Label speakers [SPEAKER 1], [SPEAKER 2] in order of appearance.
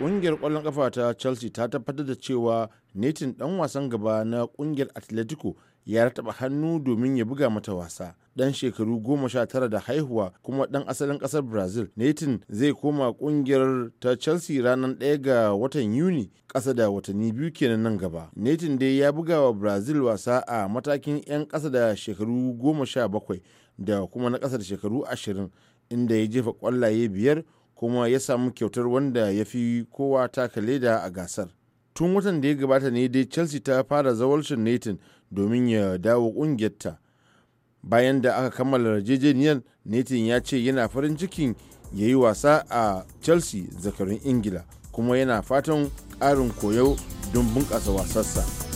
[SPEAKER 1] Ƙungiyar kwallon ƙafa ta Chelsea ta tabbatar da cewa netin ɗan wasan gaba na ƙungiyar Atletico ya rataba hannu domin ya buga mata wasa. Dan shekaru goma sha tara da haihuwa kuma dan asalin kasar Brazil, netin zai koma kungiyar ta Chelsea ranar ɗaya ga watan Yuni kasa da watanni biyu kenan nan gaba. netin dai ya buga wa Brazil wasa a matakin 'yan ƙasa da shekaru goma sha bakwai da kuma na ƙasa da shekaru ashirin inda ya jefa kwallaye biyar kuma ya samu kyautar wanda ya fi kowa taka leda a gasar tun watan da ya gabata ne dai chelsea ta fara zawarcin netin domin ya dawo ƙungiyarta bayan da aka kammala rajejeniyar netin ya ce yana farin cikin ya yi wasa a chelsea zakarun ingila kuma yana fatan ƙarin koyo don bunƙasa wasarsa.